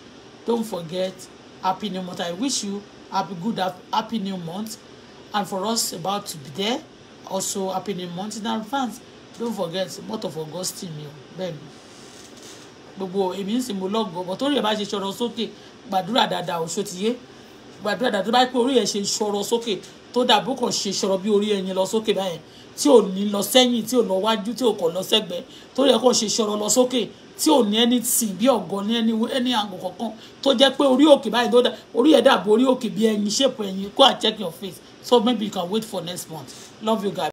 don't forget happy new month I wish you happy good happy new month and for us about to be there also happening mountain and fans don't forget mọ́tò for gustin mi o oh, bẹ́ẹ̀ ni gbogbo èmi ń sìn mo lọ́gọ̀ ọ̀bọ̀ tó rí ẹ̀ bá ṣe ṣọ̀rọ̀ sókè gbàdúrà dáadáa ò ṣòtìyé gbàdúrà dáadáa tó bá pé orí ẹ̀ ṣe ṣọ̀rọ̀ sókè tó dàbí kò ṣe ṣọ̀rọ̀ bí orí ẹ̀yìn lọ sókè báyẹn tí ò ní lọ sẹ́yìn tí ò lọ wájú tí ò kọ̀ lọ sẹ́gbẹ́ tó yẹ kó ṣe ṣọ̀rọ̀ lọ sókè tí ò ní ẹni tì bí ọ̀gọ́ ní ẹni ẹni àgùn kankan tó jẹ́ pé orí òkè báyìí tó dà orí ẹ̀ dàbí orí òkè bí ẹyin ṣèpọ̀ ẹyin kó àcheck your face So maybe you can wait for next month. Love you guys.